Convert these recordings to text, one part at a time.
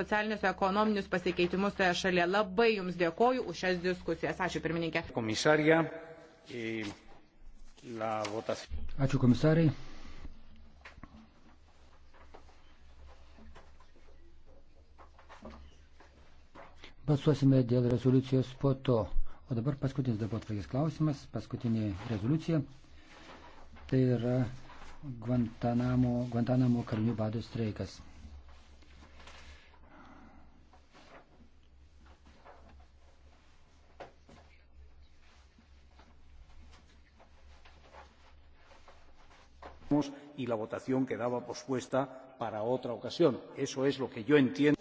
socialinius ekonominius pasikeitimus toje šalyje. Labai Jums dėkoju už šias diskusijas. Ačiū pirmininkė. Komisarija. Ačiū komisarai. Balsuosime dėl rezoliucijos po to. O dabar paskutinis darbotvarkės klausimas, paskutinė rezoliucija. Tai yra Guantanamo, Guantanamo kalinių bado streikas. votábamos y la votación quedaba pospuesta para otra ocasión. Eso es lo que yo entiendo.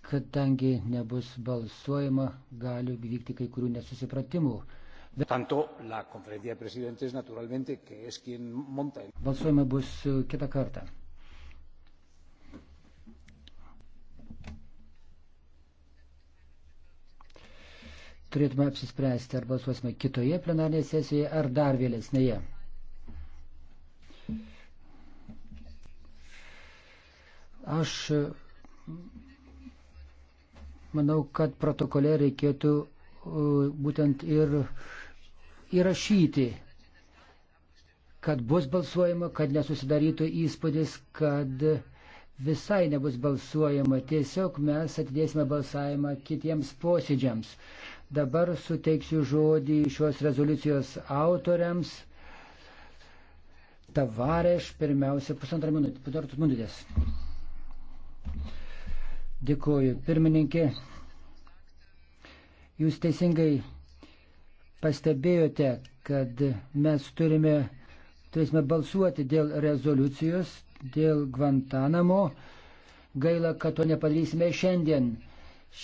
Kadangi nebus balsuojama, gali vykti kai kurių nesusipratimų. Tanto la conferencia de presidentes, naturalmente, que es quien monta. Balsuojama bus kitą kartą. Turėtume apsispręsti, ar balsuosime kitoje plenarinėje sesijoje, ar dar vėlesnėje. Aš manau, kad protokole reikėtų būtent ir įrašyti, kad bus balsuojama, kad nesusidarytų įspūdis, kad visai nebus balsuojama, tiesiog mes atidėsime balsavimą kitiems posėdžiams. Dabar suteiksiu žodį šios rezoliucijos autoriams. Tavareš, pirmiausia, pusantrą minutę, pusantros minutės. Dėkuoju, pirmininkė. Jūs teisingai pastebėjote, kad mes turime, turėsime balsuoti dėl rezoliucijos, dėl Guantanamo. Gaila, kad to nepadarysime šiandien.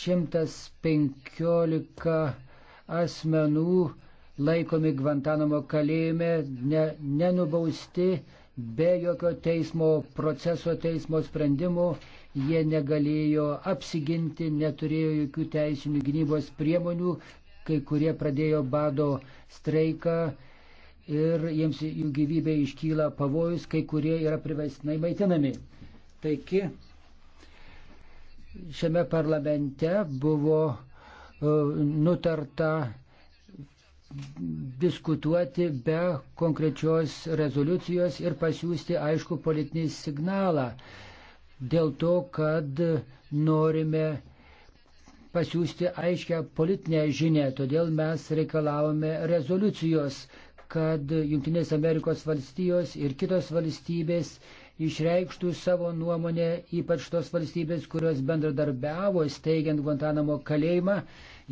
115 asmenų laikomi Guantanamo kalėjime, ne, nenubausti, be jokio teismo proceso, teismo sprendimų jie negalėjo apsiginti, neturėjo jokių teisinių gynybos priemonių, kai kurie pradėjo bado streiką ir jiems jų gyvybė iškyla pavojus, kai kurie yra privestinai maitinami. Taigi šiame parlamente buvo uh, nutarta diskutuoti be konkrečios rezoliucijos ir pasiūsti aišku politinį signalą. Uh, dėl to, kad norime pasiūsti aiškę politinę žinę. Todėl mes reikalavome rezoliucijos, kad Junktinės Amerikos valstijos ir kitos valstybės išreikštų savo nuomonę, ypač tos valstybės, kurios bendradarbiavo steigiant Guantanamo kalėjimą,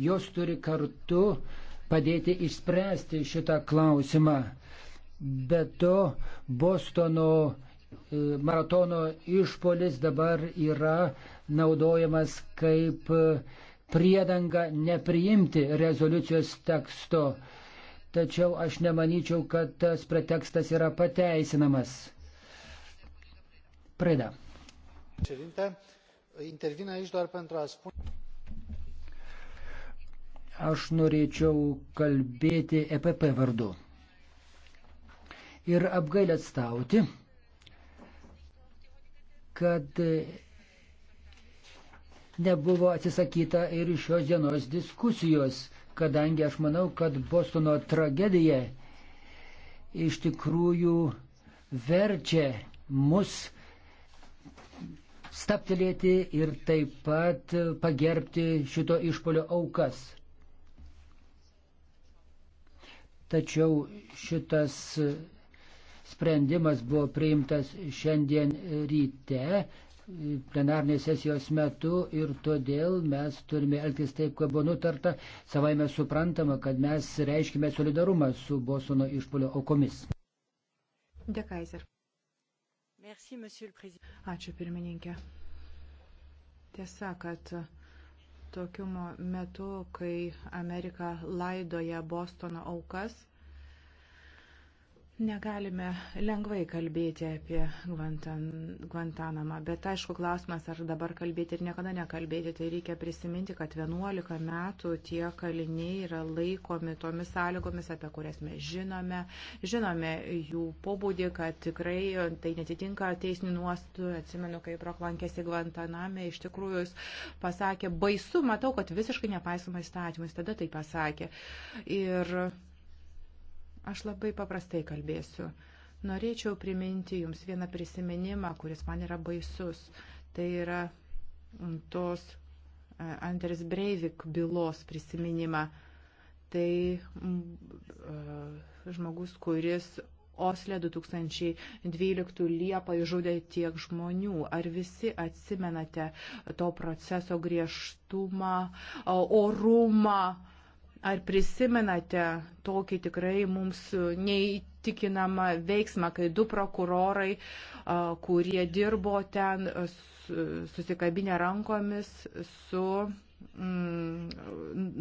jos turi kartu padėti išspręsti šitą klausimą. Be to, Bostono maratono išpolis dabar yra naudojamas kaip priedanga nepriimti rezoliucijos teksto. Tačiau aš nemanyčiau, kad tas pretekstas yra pateisinamas. Preda. Aš norėčiau kalbėti EPP vardu ir apgailestauti, kad nebuvo atsisakyta ir šios dienos diskusijos, kadangi aš manau, kad Bostono tragedija iš tikrųjų verčia mus staptelėti ir taip pat pagerbti šito išpolio aukas. Tačiau šitas Sprendimas buvo priimtas šiandien ryte plenarnės sesijos metu ir todėl mes turime elgtis taip, kaip buvo nutarta. Savai mes suprantama, kad mes reiškime solidarumą su Bosono išpolio aukomis. Dekaiser. Ačiū pirmininkė. Tiesa, kad tokiu metu, kai Amerika laidoja Bostono aukas, Negalime lengvai kalbėti apie Guantan, Guantanamą, bet aišku klausimas, ar dabar kalbėti ir niekada nekalbėti, tai reikia prisiminti, kad 11 metų tie kaliniai yra laikomi tomis sąlygomis, apie kurias mes žinome, žinome jų pobūdį, kad tikrai tai netitinka teisinių nuostų, atsimenu, kai proklankėsi Guantaname, iš tikrųjų jis pasakė, baisu, matau, kad visiškai nepaisoma įstatymais, tada tai pasakė. Ir Aš labai paprastai kalbėsiu. Norėčiau priminti Jums vieną prisiminimą, kuris man yra baisus. Tai yra mm, tos e, Anders Breivik bylos prisiminimą. Tai mm, e, žmogus, kuris Osle 2012 Liepą žudė tiek žmonių. Ar visi atsimenate to proceso griežtumą, e, orumą? Ar prisimenate tokį tikrai mums neįtikinamą veiksmą, kai du prokurorai, kurie dirbo ten susikabinę rankomis su mm,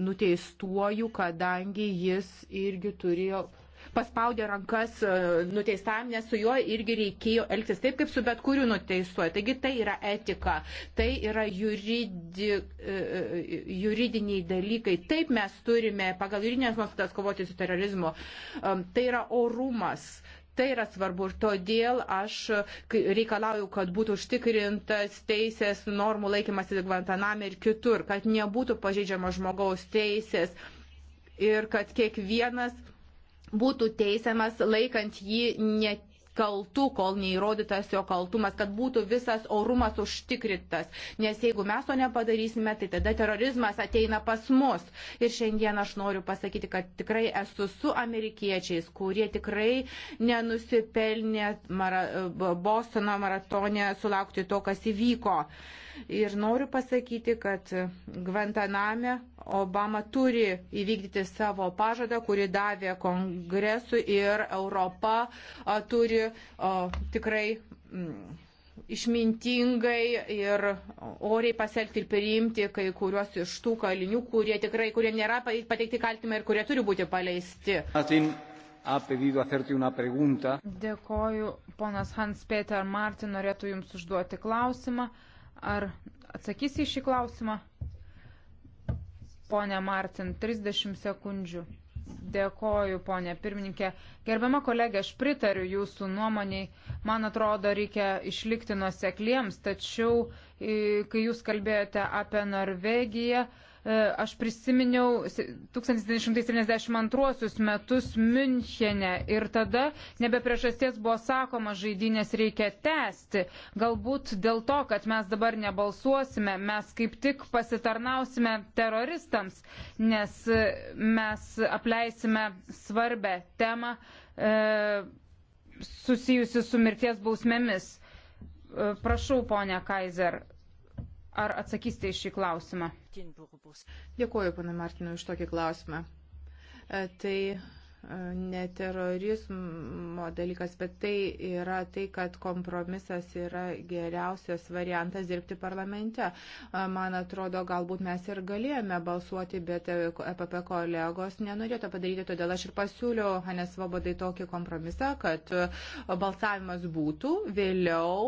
nuteistuoju, kadangi jis irgi turėjo paspaudė rankas e, nuteistam, nes su juo irgi reikėjo elgtis taip, kaip su bet kuriu nuteistuoju. Taigi tai yra etika, tai yra juridi, e, e, juridiniai dalykai. Taip mes turime pagal juridinės nuostatas kovoti su terorizmu. Tai yra orumas. Tai yra svarbu ir todėl aš reikalauju, kad būtų užtikrintas teisės normų laikymas į Guantaname ir kitur, kad nebūtų pažeidžiama žmogaus teisės ir kad kiekvienas būtų teisiamas laikant jį net kaltu, kol neįrodytas jo kaltumas, kad būtų visas orumas užtikrintas. Nes jeigu mes to nepadarysime, tai tada terorizmas ateina pas mus. Ir šiandien aš noriu pasakyti, kad tikrai esu su amerikiečiais, kurie tikrai nenusipelnė mara, Bostono maratone sulaukti to, kas įvyko. Uh, Ir noriu pasakyti, kad Gvantaname Obama turi įvykdyti savo pažadą, kurį davė kongresui ir Europa turi o, tikrai. Mm, išmintingai ir oriai pasielgti ir priimti kai kuriuos iš tų kalinių, kurie tikrai, kurie nėra pateikti kaltimai ir kurie turi būti paleisti. Dėkoju, ponas Hans Peter Martin norėtų Jums užduoti klausimą. Ar atsakysi į šį klausimą? Pone Martin, 30 sekundžių. Dėkoju, ponė pirmininkė. Gerbiama kolegė, aš pritariu jūsų nuomoniai. Man atrodo, reikia išlikti nuosekliems, tačiau, kai jūs kalbėjote apie Norvegiją, E, aš prisiminiau 1972 metus Münchene ir tada nebe priežasties buvo sakoma, žaidynės reikia tęsti. Galbūt dėl to, kad mes dabar nebalsuosime, mes kaip tik pasitarnausime teroristams, nes e, mes apleisime svarbę temą e, susijusi su mirties bausmėmis. E, prašau, ponia Kaiser. Ar atsakysite iš šį klausimą? Dėkuoju, pana Martinu, iš tokį klausimą. E, tai e, ne terorizmo dalykas, bet tai yra tai, kad kompromisas yra geriausias variantas dirbti parlamente. E, man atrodo, galbūt mes ir galėjome balsuoti, bet EPP kolegos nenorėtų padaryti, todėl aš ir pasiūliau Hanes Vobodai tokį kompromisą, kad balsavimas būtų vėliau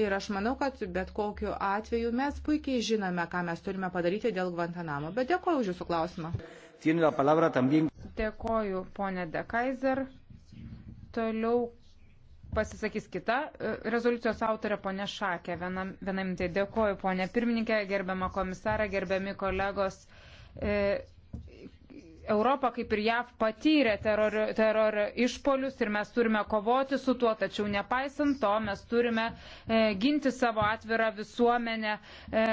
Ir aš manau, kad bet kokiu atveju mes puikiai žinome, ką mes turime padaryti dėl Guantanamo. Bet dėkoju už Jūsų klausimą. Dėkoju, ponė De Kaiser. Toliau pasisakys kita e, rezoliucijos autorė, ponė Šakė. Vienam, vienam tai dėkoju, ponė pirmininkė, gerbiama komisarė, gerbiami kolegos. E, Europa, kaip ir JAV, patyrė teroro teror išpolius ir mes turime kovoti su tuo, tačiau nepaisant to mes turime e, ginti savo atvirą visuomenę e,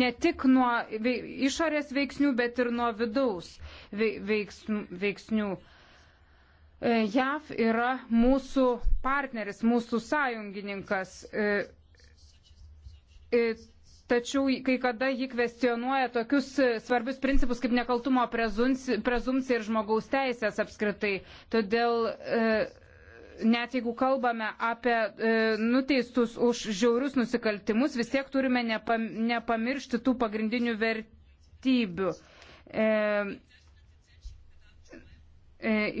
ne tik nuo išorės veiksnių, bet ir nuo vidaus veiksnių. E, JAV yra mūsų partneris, mūsų sąjungininkas. E, e, tačiau kai kada jį kvestionuoja tokius e, svarbius principus kaip nekaltumo prezumcija ir žmogaus teisės apskritai. Todėl e, net jeigu kalbame apie e, nuteistus už žiaurius nusikaltimus, vis tiek turime nepamiršti tų pagrindinių vertybių.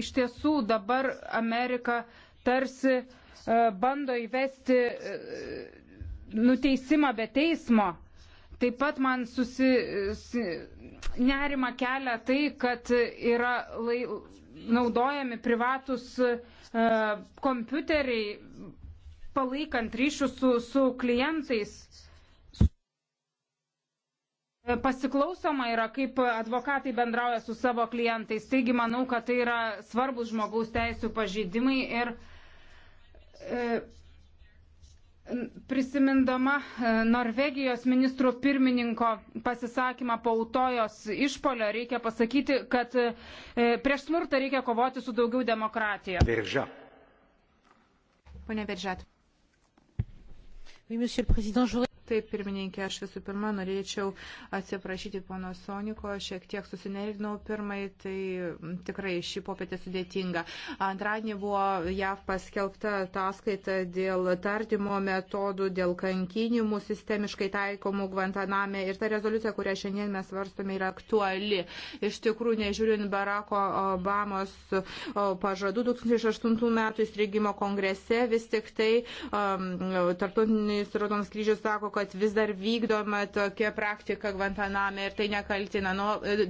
Iš tiesų dabar Amerika tarsi bando įvesti nuteisimą be teismo. Taip pat man susi, nerima kelia tai, kad yra lai, naudojami privatus e, kompiuteriai palaikant ryšius su, su klientais. Pasiklausoma yra, kaip advokatai bendrauja su savo klientais. Taigi manau, kad tai yra svarbus žmogaus teisų pažeidimai ir e, prisimindama e, Norvegijos ministro pirmininko pasisakymą po autojos išpolio, reikia pasakyti, kad e, prieš smurtą reikia kovoti su daugiau demokratija. Berža. Pone Beržat. Oui, Taip, pirmininkė, aš visų pirma norėčiau atsiprašyti pono Soniko, šiek tiek susinervinau pirmai, tai tikrai šį popietę sudėtinga. Antradienį buvo JAV paskelbta ataskaita dėl tardymo metodų, dėl kankinimų sistemiškai taikomų Guantaname ir ta rezoliucija, kurią šiandien mes varstome, yra aktuali. Iš tikrųjų, nežiūrint Barako Obamos pažadų 2008 metų įstrigimo kongrese, vis tik tai um, Tartutinis Raudonas kryžius sako, kad vis dar vykdoma tokia praktika Guantaname ir tai nekaltina, nu,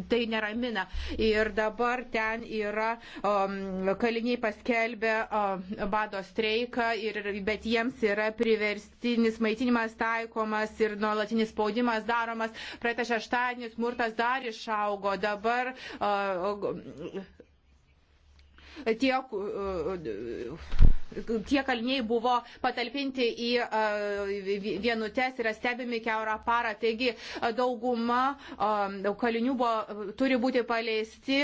tai neramina. Ir dabar ten yra um, kaliniai paskelbę um, bado streiką, ir, bet jiems yra priverstinis maitinimas taikomas ir nuolatinis spaudimas daromas. Praeitą šeštadienį smurtas dar išaugo. Dabar uh, tie. Uh, tie kaliniai buvo patalpinti į vienutes, yra stebimi keurą parą. Taigi dauguma kalinių buvo, turi būti paleisti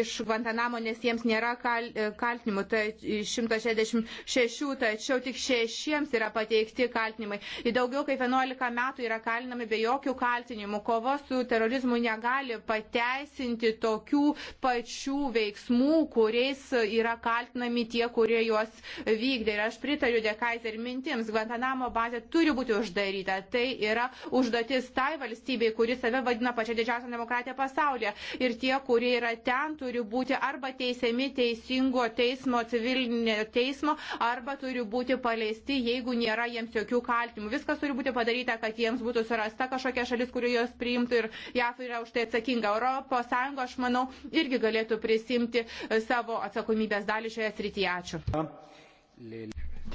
iš Guantanamo, nes jiems nėra kal, e, kaltinimų. Tai 166, tačiau tik šešiems yra pateikti kaltinimai. Į daugiau kaip 11 metų yra kalinami be jokių kaltinimų. Kova su terorizmu negali pateisinti tokių pačių veiksmų, kuriais yra kaltinami tie, kurie juos vykdė. Ir aš pritariu Dekaiser mintims, Guantanamo bazė turi būti uždaryta. Tai yra užduotis tai valstybei, kuri save vadina pačia didžiausia demokratija pasaulyje. Ir tie, kurie yra ten, turi būti arba teisiami teisingo teismo, civilinio teismo, arba turi būti paleisti, jeigu nėra jiems jokių kaltimų. Viskas turi būti padaryta, kad jiems būtų surasta kažkokia šalis, kuri juos priimtų ir JAF yra už tai atsakinga. Europos Sąjunga, aš manau, irgi galėtų prisimti savo atsakomybės dalį šioje srityje. Ačiū.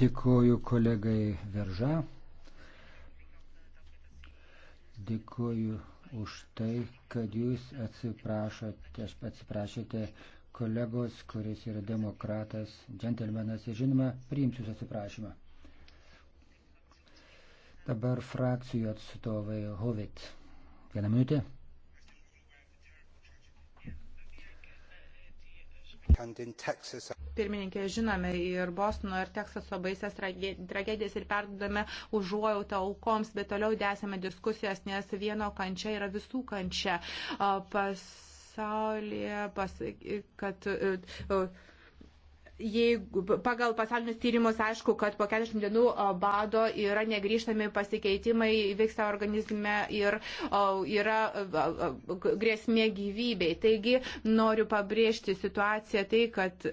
Dėkuoju kolegai Veržą. Dėkuoju už tai, kad jūs atsiprašote, atsiprašėte kolegos, kuris yra demokratas, džentelmenas ir žinoma, priimsiu atsiprašymą. Dabar frakcijų atstovai Hovit. Vieną minutę. Pirmininkė, žinome ir Bostono, ir Teksaso baisės tragedijas ir perdodame užuojautą aukoms, bet toliau tęsiame diskusijas, nes vieno kančia yra visų kančia. Pasaulyje, pas, kad. Uh, uh, jeigu pagal pasaulinius tyrimus aišku, kad po 40 dienų bado yra negrįžtami pasikeitimai, vyksta organizme ir yra grėsmė gyvybei. Taigi noriu pabrėžti situaciją tai, kad e,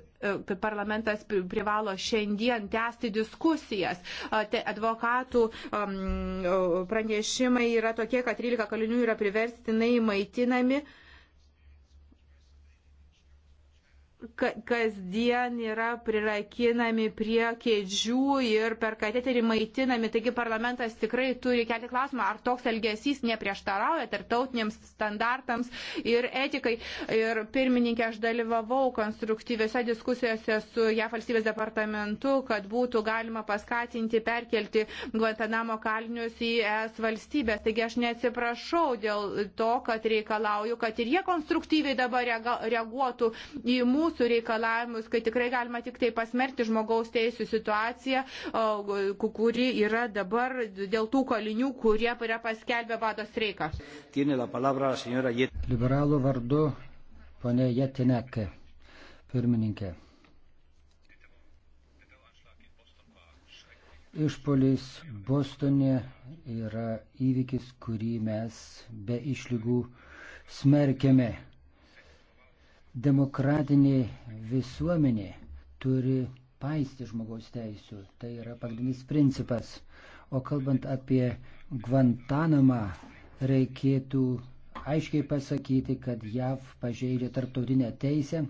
parlamentas privalo šiandien tęsti diskusijas. Advokatų pranešimai yra tokie, kad 13 kalinių yra priverstinai maitinami. kasdien yra prirakinami prie kėdžių ir per kateterį maitinami. Taigi parlamentas tikrai turi kelti klausimą, ar toks elgesys neprieštarauja tarptautiniams standartams ir etikai. Ir pirmininkė, aš dalyvavau konstruktyviuose diskusijose su JAF valstybės departamentu, kad būtų galima paskatinti perkelti Guantanamo kalinius į ES valstybės. Taigi aš neatsiprašau dėl to, kad reikalauju, kad ir jie konstruktyviai dabar reaguotų į mūsų mūsų reikalavimus, kai tikrai galima tik tai pasmerkti žmogaus teisų situaciją, kuri yra dabar dėl tų kalinių, kurie yra paskelbę vado streiką. Liberalų vardu ponė Jetinekė, pirmininkė. Išpolis Bostone yra įvykis, kurį mes be išlygų smerkėme. Demokratinė visuomenė turi paisti žmogaus teisų. Tai yra pagrindinis principas. O kalbant apie Guantanamą, reikėtų aiškiai pasakyti, kad JAV pažeidžia tarptautinę teisę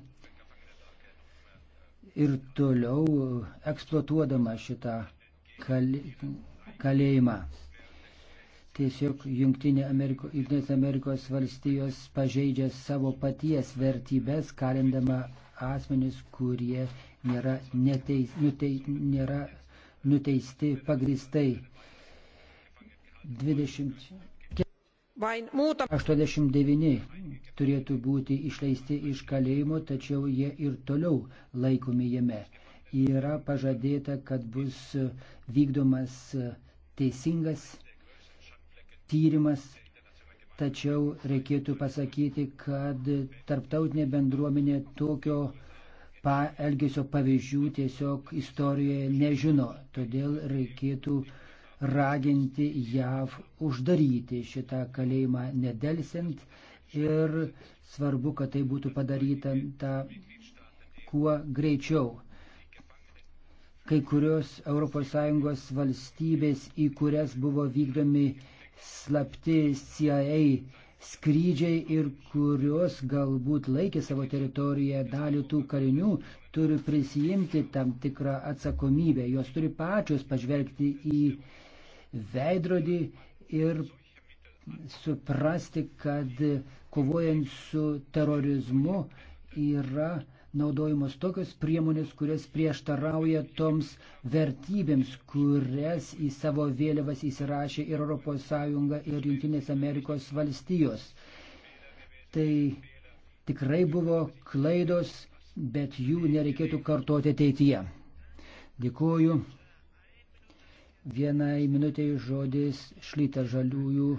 ir toliau eksploatuodama šitą kalėjimą. Tiesiog Junktinė Ameriko, Junktinės Amerikos valstijos pažeidžia savo paties vertybės, kalindama asmenis, kurie nėra, neteis, nutei, nėra nuteisti pagristai. 20. 89 turėtų būti išleisti iš kalėjimo, tačiau jie ir toliau laikomi jame. Yra pažadėta, kad bus vykdomas teisingas tyrimas, tačiau reikėtų pasakyti, kad tarptautinė bendruomenė tokio pa, elgesio pavyzdžių tiesiog istorijoje nežino. Todėl reikėtų raginti JAV uždaryti šitą kalėjimą nedelsiant ir svarbu, kad tai būtų padaryta ta, kuo greičiau. Kai kurios ES valstybės, į kurias buvo vykdomi slapti CIA skrydžiai ir kurios galbūt laikė savo teritoriją dalį tų karinių, turi prisijimti tam tikrą atsakomybę. Jos turi pačios pažvelgti į veidrodį ir suprasti, kad kovojant su terorizmu yra naudojamos tokios priemonės, kurios prieštarauja toms vertybėms, kurias į savo vėliavas įsirašė ir ES ir Junktinės Amerikos valstijos. Tai tikrai buvo klaidos, bet jų nereikėtų kartoti ateityje. Dėkuoju. Vienai minutėjai žodis šlyta žaliųjų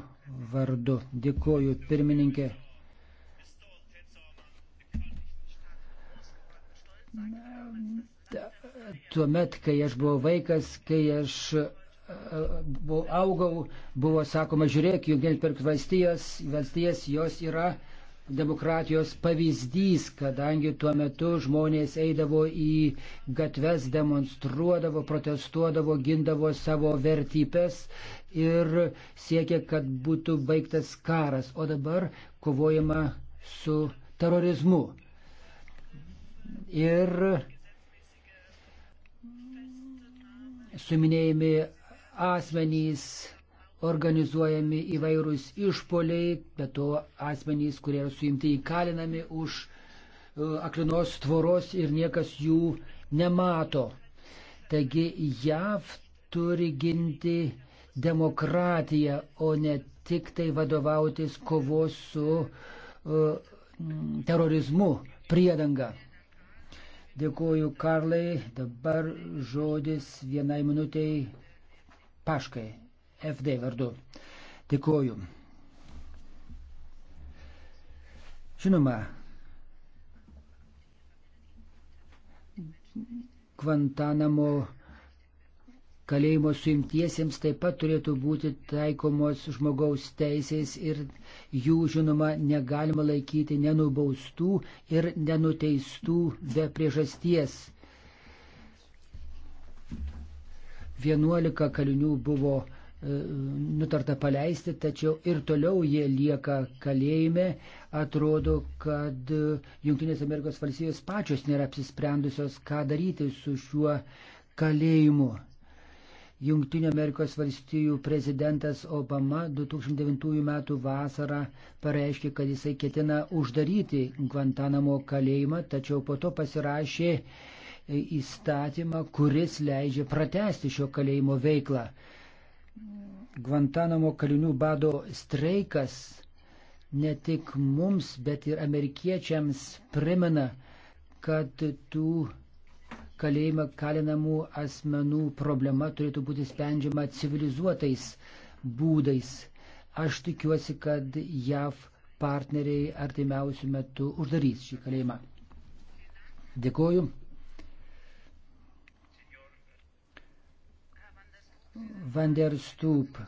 vardu. Dėkuoju pirmininkė Tuomet, kai aš buvau vaikas, kai aš e, buvau, augau, buvo sakoma, žiūrėk, jungtinės perkų valstijos, valstijas jos yra demokratijos pavyzdys, kadangi tuo metu žmonės eidavo į gatves, demonstruodavo, protestuodavo, gindavo savo vertybės ir siekė, kad būtų baigtas karas, o dabar kovojama su terorizmu ir suminėjami asmenys, organizuojami įvairūs išpoliai, bet to asmenys, kurie yra suimti įkalinami už e, aklinos tvoros ir niekas jų nemato. Taigi JAV turi ginti demokratiją, o ne tik tai vadovautis kovos su uh, terorizmu priedanga. Dėkuoju Karlai. Dabar žodis vienai minutiai Paškai, FD vardu. Dėkuoju. Žinoma, Kvantanamo kalėjimo suimtiesiems taip pat turėtų būti taikomos žmogaus teisės ir jų, žinoma, negalima laikyti nenubaustų ir nenuteistų be priežasties. 11 kalinių buvo e, nutarta paleisti, tačiau ir toliau jie lieka kalėjime. Atrodo, kad e, Junktinės Amerikos valstijos pačios nėra apsisprendusios, ką daryti su šiuo kalėjimu. Junktinių Amerikos valstijų prezidentas Obama 2009 m. vasarą pareiškė, kad jisai ketina uždaryti Guantanamo kalėjimą, tačiau po to pasirašė įstatymą, kuris leidžia pratesti šio kalėjimo veiklą. Guantanamo kalinių bado streikas ne tik mums, bet ir amerikiečiams primena, kad tų kalėjimą kalinamų asmenų problema turėtų būti sprendžiama civilizuotais būdais. Aš tikiuosi, kad JAV partneriai artimiausių metų uždarys šį kalėjimą. Dėkoju. Vanderstup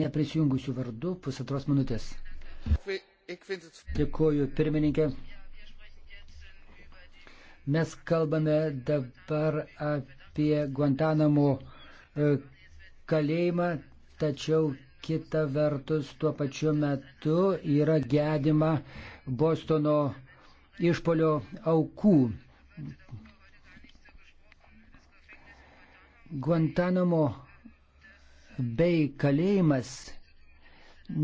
neprisijungusių vardu pusantros minutės. Dėkoju pirmininkė. Mes kalbame dabar apie Guantanamo e, kalėjimą, tačiau kita vertus tuo pačiu metu yra gedima Bostono išpolio aukų. Guantanamo bei kalėjimas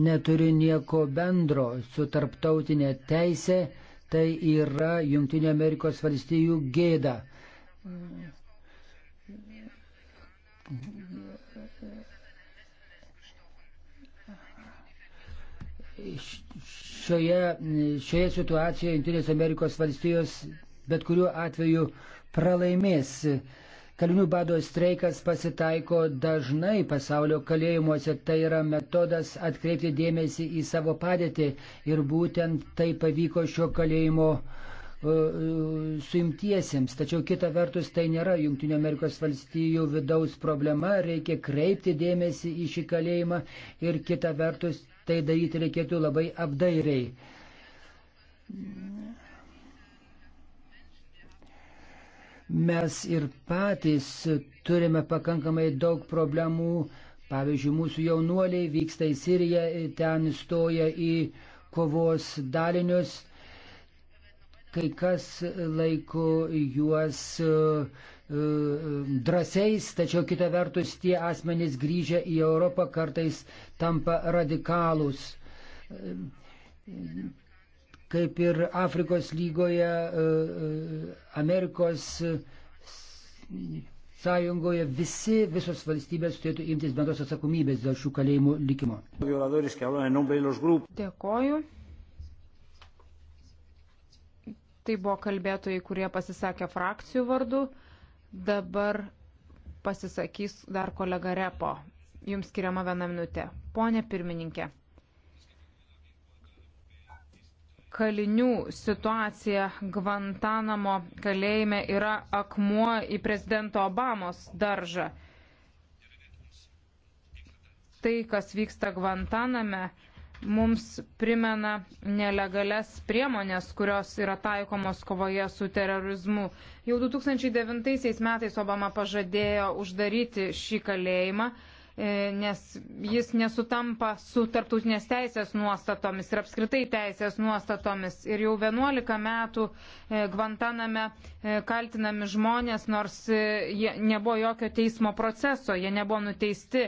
neturi nieko bendro su tarptautinė teisė, Tai yra Junktinio Amerikos valstijų gėda. Šioje, šioje situacijoje Junktinės Amerikos valstijos bet kuriuo atveju pralaimės. Kalinių bado streikas pasitaiko dažnai pasaulio kalėjimuose, tai yra metodas atkreipti dėmesį į savo padėtį ir būtent tai pavyko šio kalėjimo e, suimtiesiems. Tačiau kita vertus tai nėra Junktinio Amerikos valstijų vidaus problema, reikia kreipti dėmesį į šį kalėjimą ir kita vertus tai daryti reikėtų labai apdairiai. Mes ir patys turime pakankamai daug problemų. Pavyzdžiui, mūsų jaunuoliai vyksta į Siriją, ten stoja į kovos dalinius. Kai kas laiko juos e, e, drąsiais, tačiau kita vertus tie asmenys grįžę į Europą kartais tampa radikalūs kaip ir Afrikos lygoje, e, e, Amerikos sąjungoje visi, visos valstybės turėtų imtis bendros atsakomybės dėl šių kalėjimų likimo. Dėkoju. Tai buvo kalbėtojai, kurie pasisakė frakcijų vardu. Dabar pasisakys dar kolega Repo. Jums skiriama viena minutė. Pone pirmininkė. kalinių situacija Gvantanamo kalėjime yra akmuo į prezidento Obamos daržą. Tai, kas vyksta Gvantaname, mums primena nelegales priemonės, kurios yra taikomos kovoje su terorizmu. Jau 2009 metais Obama pažadėjo uždaryti šį kalėjimą. E, nes jis nesutampa su tarptautinės teisės nuostatomis ir apskritai teisės nuostatomis. Ir jau 11 metų e, Gvantaname e, kaltinami žmonės, nors nebuvo jokio teismo proceso, jie nebuvo nuteisti.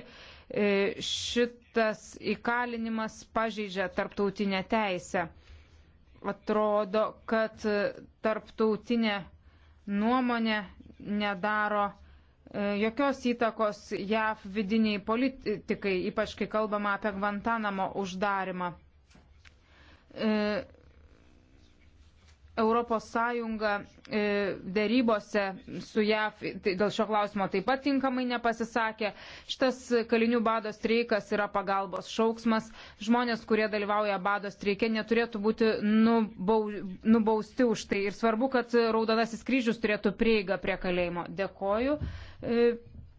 Šitas įkalinimas pažeidžia tarptautinę teisę. Atrodo, kad tarptautinė nuomonė nedaro E, jokios įtakos JAV vidiniai politikai, ypač kai kalbama apie Guantanamo uždarimą. E, ES e, dėrybose su JAF tai dėl šio klausimo taip pat tinkamai nepasisakė. Šitas kalinių bado streikas yra pagalbos šauksmas. Žmonės, kurie dalyvauja bado streike, neturėtų būti nubausti už tai. Ir svarbu, kad Raudonasis kryžius turėtų prieigą prie kalėjimo. Dėkoju. E,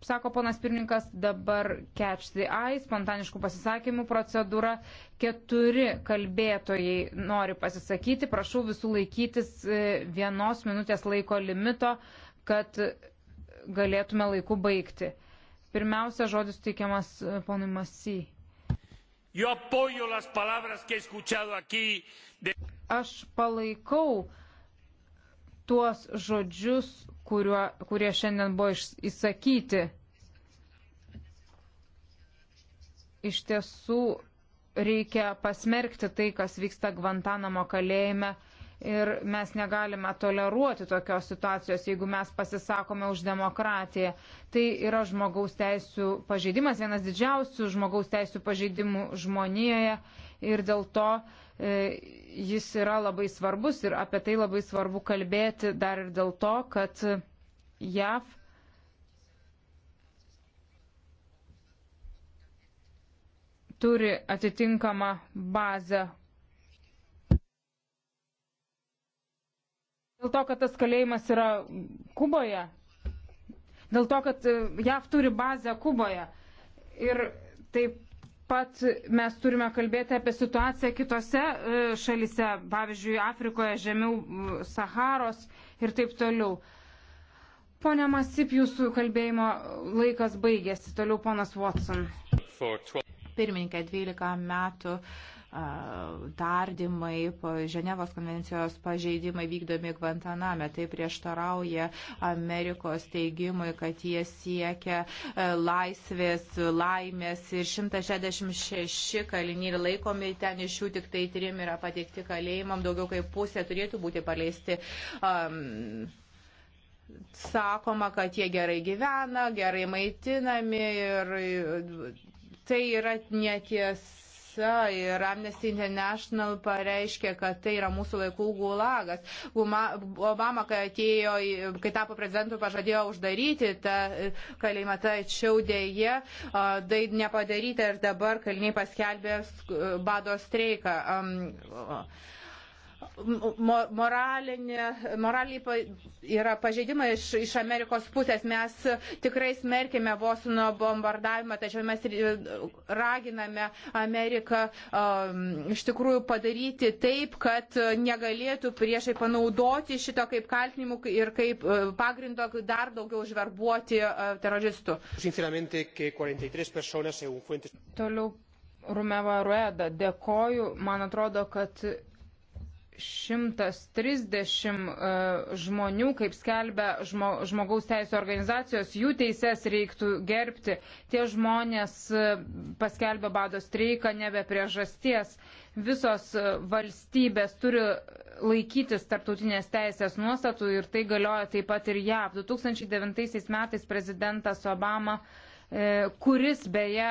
sako ponas pirmininkas, dabar catch the eye, spontaniškų pasisakymų procedūra. Keturi kalbėtojai nori pasisakyti. Prašau visų laikytis e, vienos minutės laiko limito, kad galėtume laiku baigti. Pirmiausia, žodis teikiamas e, ponui Masy. Aš palaikau tuos žodžius, kuriuo, kurie šiandien buvo išsakyti. Iš tiesų reikia pasmerkti tai, kas vyksta Gvantanamo kalėjime. Ir mes negalime toleruoti tokios situacijos, jeigu mes pasisakome už demokratiją. Tai yra žmogaus teisų pažeidimas, vienas didžiausių žmogaus teisų pažeidimų žmonijoje ir dėl to e, jis yra labai svarbus ir apie tai labai svarbu kalbėti dar ir dėl to, kad JAV turi atitinkamą bazę. Dėl to, kad tas kalėjimas yra Kuboje. Dėl to, kad e, JAV turi bazę Kuboje. Ir taip pat mes turime kalbėti apie situaciją kitose e, šalise, pavyzdžiui, Afrikoje, žemiau Saharos ir taip toliau. Pone Masip, jūsų kalbėjimo laikas baigėsi. Toliau ponas Watson. Pirmininkė, 12 metų. Uh, tardymai, Ženevos konvencijos pažeidimai vykdomi Guantaname. Tai prieštarauja Amerikos teigimui, kad jie siekia e, laisvės, laimės ir 166 kaliniai yra laikomi, ten iš jų tik tai trim yra pateikti kalėjimam, daugiau kaip pusė turėtų būti paleisti. Um, Sakoma, kad jie gerai gyvena, gerai maitinami ir tai yra neties tiesa ir Amnesty International pareiškė, kad tai yra mūsų laikų gulagas. Obama, kai atėjo, kai tapo prezidentu, pažadėjo uždaryti tą e, kalėjimą, tačiau dėje e, tai nepadaryta ir dabar kaliniai paskelbė e, bado streiką moralinė, moraliai yra pažeidimai iš, iš Amerikos pusės. Mes tikrai smerkime Bosno bombardavimą, tačiau mes e, raginame Ameriką um, iš tikrųjų padaryti taip, kad negalėtų priešai panaudoti šito kaip kaltinimų ir kaip e, pagrindo dar daugiau užverbuoti uh, e, teroristų. Toliau Rumeva Rueda, dėkoju. Man atrodo, kad 130 e, žmonių, kaip skelbia žmogaus teisų organizacijos, jų teises reiktų gerbti. Tie žmonės e, paskelbė bado streiką nebe priežasties. Visos e, valstybės turi laikytis tarptautinės teisės nuostatų ir tai galioja taip pat ir JAV. 2009 metais prezidentas Obama kuris beje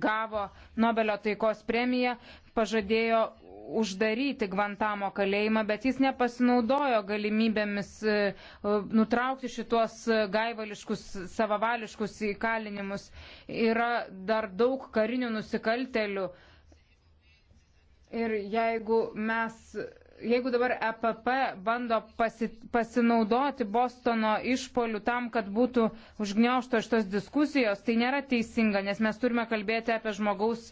gavo Nobelio taikos premiją, pažadėjo uždaryti Gvantamo kalėjimą, bet jis nepasinaudojo galimybėmis e, e, nutraukti šitos e, gaivališkus, savavališkus įkalinimus. Yra dar daug karinių nusikaltelių. Ir jeigu mes jeigu dabar EPP bando pasi, pasinaudoti Bostono išpolių tam, kad būtų užgneušto šitos diskusijos, tai nėra teisinga, nes mes turime kalbėti apie žmogaus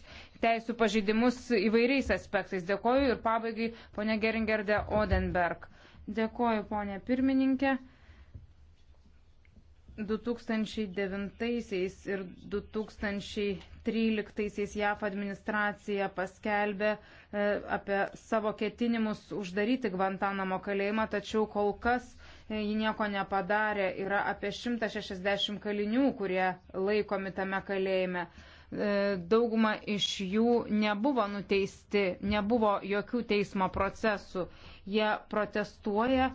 teisų pažeidimus įvairiais aspektais. Dėkoju ir pabaigai ponė Geringerde Odenberg. Dėkoju ponė pirmininkė. 2009 ir 2013 JAF administracija paskelbė e, apie savo ketinimus uždaryti Gvantanamo kalėjimą, tačiau kol kas e, ji nieko nepadarė. Yra apie 160 kalinių, kurie laikomi tame kalėjime. E, dauguma iš jų nebuvo nuteisti, nebuvo jokių teismo procesų. Jie protestuoja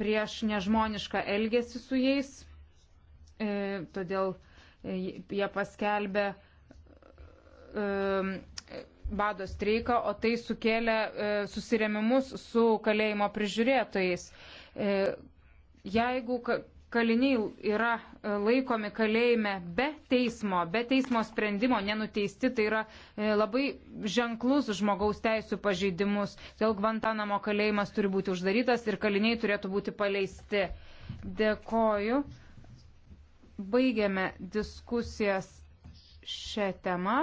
prieš nežmonišką elgesį su jais, e, todėl e, jie paskelbė e, bado streiką, o tai sukėlė susiremimus su kalėjimo prižiūrėtojais. Jeigu kaliniai yra e, laikomi kalėjime be teismo, be teismo sprendimo, nenuteisti, tai yra e, labai ženklus žmogaus teisų pažeidimus. Dėl Guantanamo kalėjimas turi būti uždarytas ir kaliniai turėtų būti paleisti. Dėkoju. Baigiame diskusijas šią temą.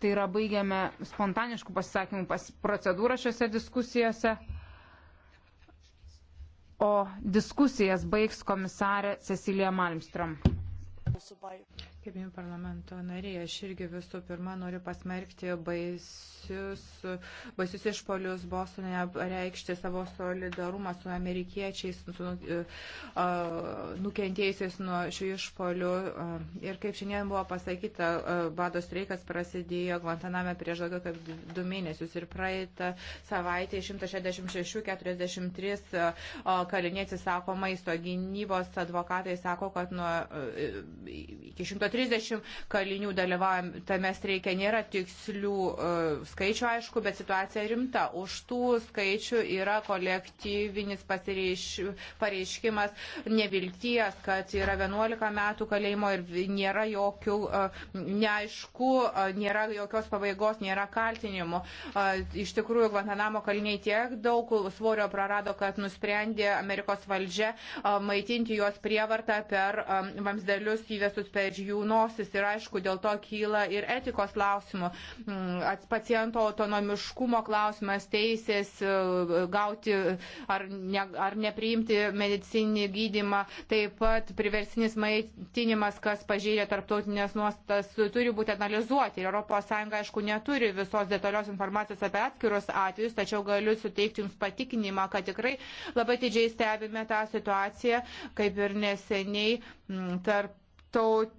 Tai yra baigiame spontaniškų pasisakymų procedūrą šiuose diskusijose o diskusijas baigs komisarė Cecilija Malmström. Kaip jums parlamento nariai, aš irgi visų pirma noriu pasmerkti baisius, baisius išpolius Bostonėje, reikšti savo solidarumą su amerikiečiais, su uh, nukentėjusiais nuo šių išpolių. Uh, ir kaip šiandien buvo pasakyta, uh, bados reikas prasidėjo Guantaname prieš daugiau kaip du mėnesius ir praeitą savaitę 166-43 uh, kaliniai atsisako maisto gynybos, advokatai sako, kad nuo uh, iki 100. 130 kalinių dalyvauja tame streike. Nėra tikslių uh, skaičių, aišku, bet situacija rimta. Už tų skaičių yra kolektyvinis pasireiš, pareiškimas nevilties, kad yra 11 metų kalėjimo ir nėra jokių uh, neaišku, uh, nėra jokios pabaigos, nėra kaltinimų. Iš tikrųjų, Guantanamo kaliniai tiek daug svorio prarado, kad nusprendė Amerikos valdžia maitinti juos prievartą per vamsdelius įvestus per jų jaunosis ir aišku dėl to kyla ir etikos klausimų, mm, paciento autonomiškumo klausimas, teisės e, gauti ar, ne, ar nepriimti medicininį gydimą, taip pat priversinis maitinimas, kas pažeidė tarptautinės nuostas, turi būti analizuoti. Ir ES, aišku, neturi visos detalios informacijos apie atskirus atvejus, tačiau galiu suteikti Jums patikinimą, kad tikrai labai didžiai stebime tą situaciją, kaip ir neseniai mm, tarp tautų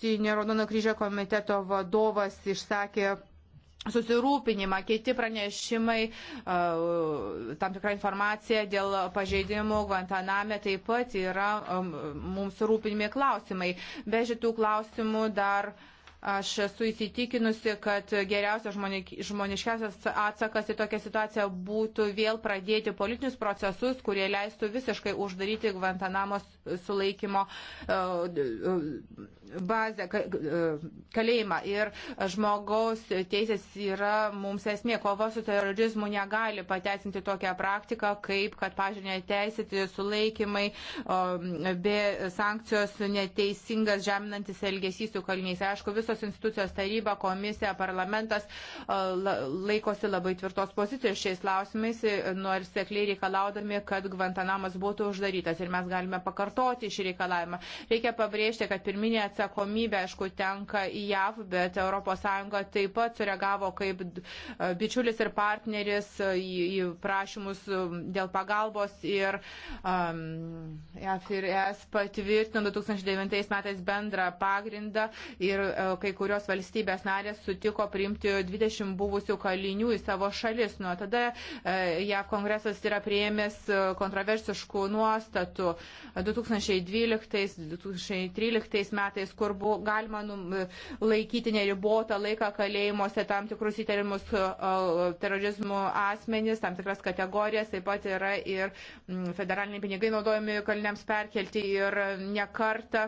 Tarptinio Raudono kryžio komiteto vadovas išsakė susirūpinimą, kiti pranešimai, tam tikra informacija dėl pažeidimų Guantaname taip pat yra mums rūpinimi klausimai. Be šitų klausimų dar uh, Aš esu įsitikinusi, kad geriausias žmoniškiausias atsakas į tokią situaciją būtų vėl pradėti politinius procesus, kurie leistų visiškai uždaryti Gvantanamos sulaikymo e, e, bazę, e, kalėjimą. Ir žmogaus teisės yra mums esmė. Kova su terorizmu negali pateisinti tokią praktiką, kaip, kad, pažiūrėjau, teisėti sulaikymai be sankcijos neteisingas žeminantis elgesys su kaliniais. Aišku, visos institucijos taryba, komisija, parlamentas e, laikosi labai tvirtos pozicijos šiais klausimais, e, nors nu, sekliai reikalaudami, kad Gvantanamas būtų uždarytas. Ir mes galime pakartoti šį reikalavimą. Reikia pabrėžti, kad pirminė atsakomybė, aišku, tenka į JAV, bet ES taip pat sureagavo kaip e, bičiulis ir partneris į, į prašymus dėl pagalbos ir um, FIRS patvirtino 2009 metais bendrą pagrindą ir kai kurios valstybės narės sutiko priimti 20 buvusių kalinių į savo šalis. Nuo tada e, JAV kongresas yra prieėmęs e, kontroversiškų nuostatų 2012-2013 metais, kur buvo galima e, laikyti neribotą laiką kalėjimuose tam tikrus įtarimus terorizmų asmenys, tam tikras kategorijas, taip pat yra ir federaliniai pinigai naudojami kaliniams perkelti ir nekarta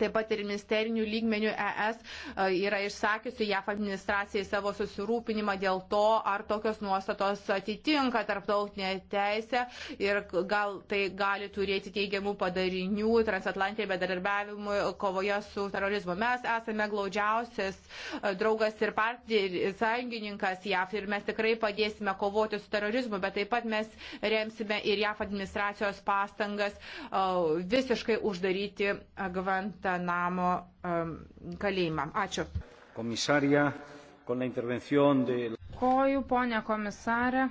Taip pat ir ministerinių lygmenių ES e, yra išsakiusi JAF administracijai savo susirūpinimą dėl to, ar tokios nuostatos atitinka tarptautinė teisė ir gal tai gali turėti teigiamų padarinių transatlantijai bedarbiavimui kovoje su terorizmu. Mes esame glaudžiausias e, draugas ir partneris, sąjungininkas JAF ir mes tikrai padėsime kovoti su terorizmu, bet taip pat mes remsime ir JAF administracijos pastangas e, visiškai uždaryti Gvant Gvantanamo um, kalėjimą. Ačiū. Komisarija, con la intervención de... Koju, ponė komisarė.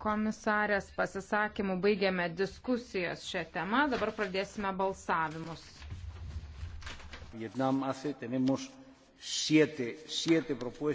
Komisarės pasisakymų baigėme diskusijas šią temą, dabar pradėsime balsavimus. Vietnam hace, tenemos siete, siete propuestas.